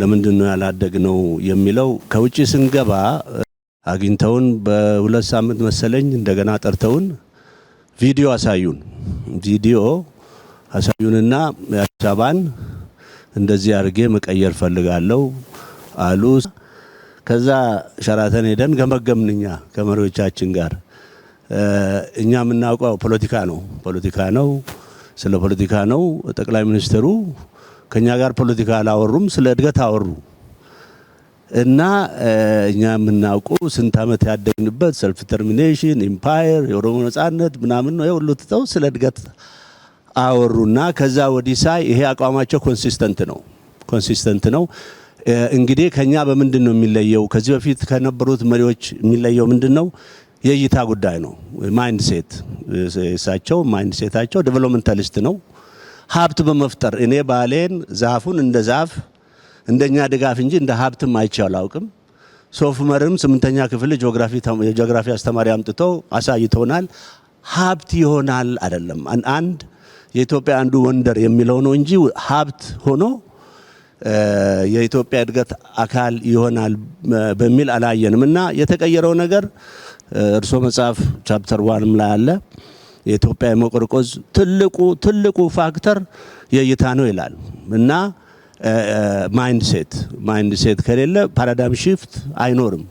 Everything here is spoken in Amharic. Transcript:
ለምንድን ነው ያላደግነው የሚለው ከውጭ ስንገባ አግኝተውን በሁለት ሳምንት መሰለኝ እንደገና ጠርተውን ቪዲዮ አሳዩን። ቪዲዮ አሳዩንና አዲስ አበባን እንደዚህ አድርጌ መቀየር ፈልጋለሁ አሉ። ከዛ ሸራተን ሄደን ገመገምን እኛ ከመሪዎቻችን ጋር። እኛ የምናውቀው ፖለቲካ ነው ፖለቲካ ነው ስለ ፖለቲካ ነው። ጠቅላይ ሚኒስትሩ ከእኛ ጋር ፖለቲካ አላወሩም፣ ስለ እድገት አወሩ እና እኛ የምናውቁ ስንት ዓመት ያደግንበት ሰልፍ ተርሚኔሽን፣ ኢምፓየር፣ የኦሮሞ ነጻነት ምናምን ነው ሁሉ ትተው ስለ እድገት አወሩና ከዛ ወዲህ ሳይ ይሄ አቋማቸው ኮንሲስተንት ነው ኮንሲስተንት ነው። እንግዲህ ከኛ በምንድን ነው የሚለየው? ከዚህ በፊት ከነበሩት መሪዎች የሚለየው ምንድን ነው? የእይታ ጉዳይ ነው። ማይንድሴት እሳቸው ማይንድሴታቸው ሴታቸው ዴቨሎፕመንታሊስት ነው። ሀብት በመፍጠር እኔ ባሌን ዛፉን እንደ ዛፍ እንደኛ ድጋፍ እንጂ እንደ ሀብትም አይቼ አላውቅም። መርም ስምንተኛ ክፍል ጂኦግራፊ አስተማሪ አምጥቶ አሳይቶናል። ሀብት ይሆናል አይደለም አንድ የኢትዮጵያ አንዱ ወንደር የሚለው ነው እንጂ ሀብት ሆኖ የኢትዮጵያ እድገት አካል ይሆናል በሚል አላየንም። እና የተቀየረው ነገር እርሶ መጽሐፍ ቻፕተር ዋንም ላይ አለ የኢትዮጵያ የመቆርቆዝ ትልቁ ትልቁ ፋክተር የእይታ ነው ይላል እና ማይንድሴት ሴት ከሌለ ፓራዳይም ሺፍት አይኖርም።